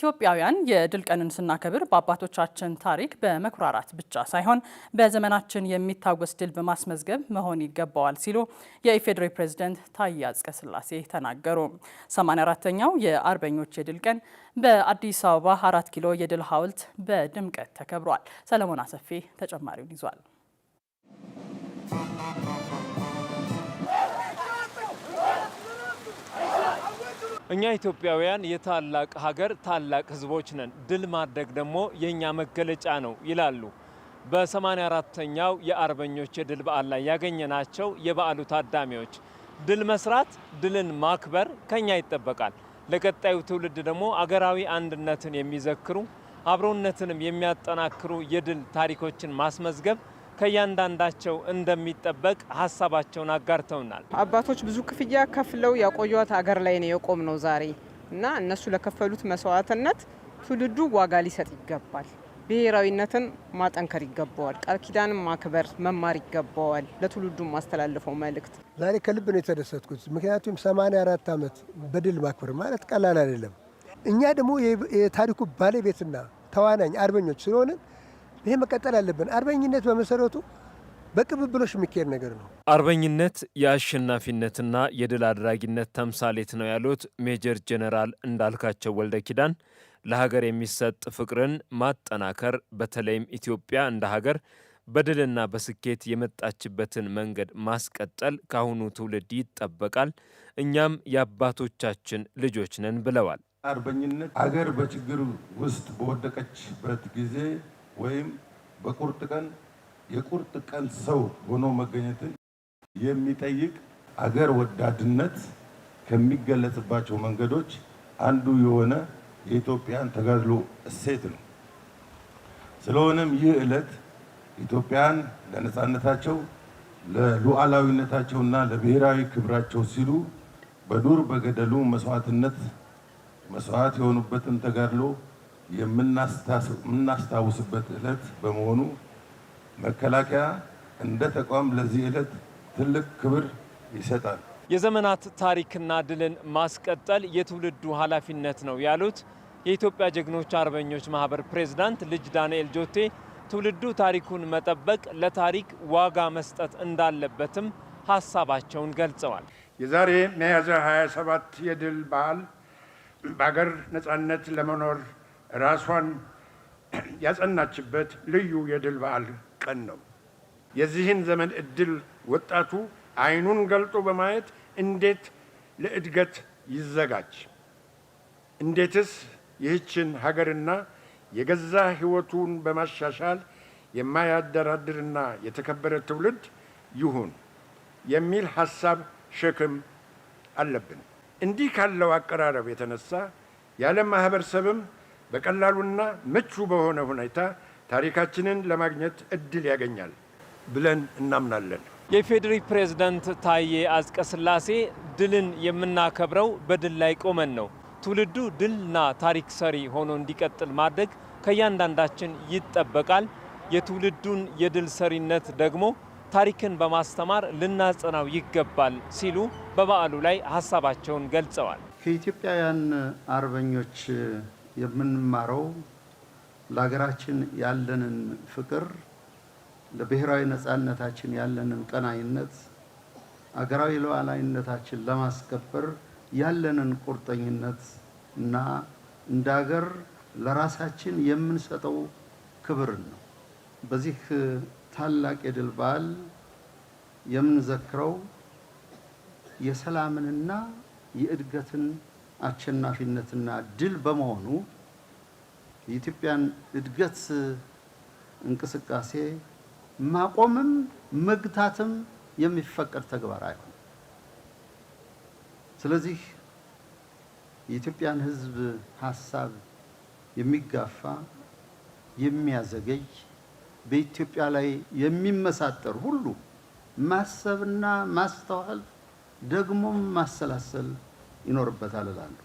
ኢትዮጵያውያን የድል ቀንን ስናከብር በአባቶቻችን ታሪክ በመኩራራት ብቻ ሳይሆን በዘመናችን የሚታወስ ድል በማስመዝገብ መሆን ይገባዋል ሲሉ የኢፌዴሪ ፕሬዝደንት ታዬ አጽቀሥላሴ ተናገሩ። 84ተኛው የአርበኞች የድል ቀን በአዲስ አበባ አራት ኪሎ የድል ሐውልት በድምቀት ተከብሯል። ሰለሞን አሰፌ ተጨማሪውን ይዟል። እኛ ኢትዮጵያውያን የታላቅ ሀገር ታላቅ ህዝቦች ነን፣ ድል ማድረግ ደግሞ የእኛ መገለጫ ነው ይላሉ። በ84ተኛው የአርበኞች የድል በዓል ላይ ያገኘናቸው የበዓሉ ታዳሚዎች ድል መስራት፣ ድልን ማክበር ከኛ ይጠበቃል። ለቀጣዩ ትውልድ ደግሞ አገራዊ አንድነትን የሚዘክሩ አብሮነትንም የሚያጠናክሩ የድል ታሪኮችን ማስመዝገብ ከእያንዳንዳቸው እንደሚጠበቅ ሀሳባቸውን አጋርተውናል። አባቶች ብዙ ክፍያ ከፍለው ያቆዩት አገር ላይ ነው የቆም ነው ዛሬ እና እነሱ ለከፈሉት መስዋዕትነት ትውልዱ ዋጋ ሊሰጥ ይገባል። ብሔራዊነትን ማጠንከር ይገባዋል። ቃል ኪዳንን ማክበር መማር ይገባዋል። ለትውልዱ ማስተላለፈው መልእክት ዛሬ ከልብ ነው የተደሰትኩት። ምክንያቱም 84 ዓመት በድል ማክበር ማለት ቀላል አይደለም። እኛ ደግሞ የታሪኩ ባለቤትና ተዋናኝ አርበኞች ስለሆንን ይሄ መቀጠል አለብን። አርበኝነት በመሰረቱ በቅብብሎሽ የሚካሄድ ነገር ነው። አርበኝነት የአሸናፊነትና የድል አድራጊነት ተምሳሌት ነው ያሉት ሜጀር ጄኔራል እንዳልካቸው ወልደ ኪዳን ለሀገር የሚሰጥ ፍቅርን ማጠናከር በተለይም ኢትዮጵያ እንደ ሀገር በድልና በስኬት የመጣችበትን መንገድ ማስቀጠል ከአሁኑ ትውልድ ይጠበቃል፣ እኛም የአባቶቻችን ልጆች ነን ብለዋል። አርበኝነት ሀገር በችግር ውስጥ በወደቀችበት ጊዜ ወይም በቁርጥ ቀን የቁርጥ ቀን ሰው ሆኖ መገኘትን የሚጠይቅ አገር ወዳድነት ከሚገለጽባቸው መንገዶች አንዱ የሆነ የኢትዮጵያን ተጋድሎ እሴት ነው። ስለሆነም ይህ ዕለት ኢትዮጵያን ለነፃነታቸው ለሉዓላዊነታቸውና ለብሔራዊ ክብራቸው ሲሉ በዱር በገደሉ መስዋዕትነት መስዋዕት የሆኑበትን ተጋድሎ የምናስታውስበት ዕለት በመሆኑ መከላከያ እንደ ተቋም ለዚህ ዕለት ትልቅ ክብር ይሰጣል። የዘመናት ታሪክና ድልን ማስቀጠል የትውልዱ ኃላፊነት ነው ያሉት የኢትዮጵያ ጀግኖች አርበኞች ማህበር ፕሬዝዳንት ልጅ ዳንኤል ጆቴ ትውልዱ ታሪኩን መጠበቅ ለታሪክ ዋጋ መስጠት እንዳለበትም ሀሳባቸውን ገልጸዋል። የዛሬ ሚያዝያ 27 የድል በዓል በአገር ነጻነት ለመኖር ራሷን ያጸናችበት ልዩ የድል በዓል ቀን ነው። የዚህን ዘመን እድል ወጣቱ አይኑን ገልጦ በማየት እንዴት ለእድገት ይዘጋጅ፣ እንዴትስ ይህችን ሀገርና የገዛ ሕይወቱን በማሻሻል የማያደራድርና የተከበረ ትውልድ ይሁን የሚል ሀሳብ ሸክም አለብን። እንዲህ ካለው አቀራረብ የተነሳ የዓለም ማህበረሰብም በቀላሉና ምቹ በሆነ ሁኔታ ታሪካችንን ለማግኘት እድል ያገኛል ብለን እናምናለን። የፌዴሪ ፕሬዝዳንት ታዬ አጽቀሥላሴ ድልን የምናከብረው በድል ላይ ቆመን ነው። ትውልዱ ድልና ታሪክ ሰሪ ሆኖ እንዲቀጥል ማድረግ ከእያንዳንዳችን ይጠበቃል። የትውልዱን የድል ሰሪነት ደግሞ ታሪክን በማስተማር ልናጸናው ይገባል ሲሉ በበዓሉ ላይ ሀሳባቸውን ገልጸዋል። ከኢትዮጵያውያን አርበኞች የምንማረው ለሀገራችን ያለንን ፍቅር፣ ለብሔራዊ ነፃነታችን ያለንን ቀናይነት፣ አገራዊ ሉዓላዊነታችን ለማስከበር ያለንን ቁርጠኝነት እና እንደ ሀገር ለራሳችን የምንሰጠው ክብርን ነው። በዚህ ታላቅ የድል በዓል የምንዘክረው የሰላምንና የእድገትን አሸናፊነትና ድል በመሆኑ የኢትዮጵያን እድገት እንቅስቃሴ ማቆምም መግታትም የሚፈቀድ ተግባር አይሆንም። ስለዚህ የኢትዮጵያን ሕዝብ ሀሳብ የሚጋፋ የሚያዘገይ በኢትዮጵያ ላይ የሚመሳጠር ሁሉ ማሰብና ማስተዋል ደግሞም ማሰላሰል ይኖርበታል እላለሁ።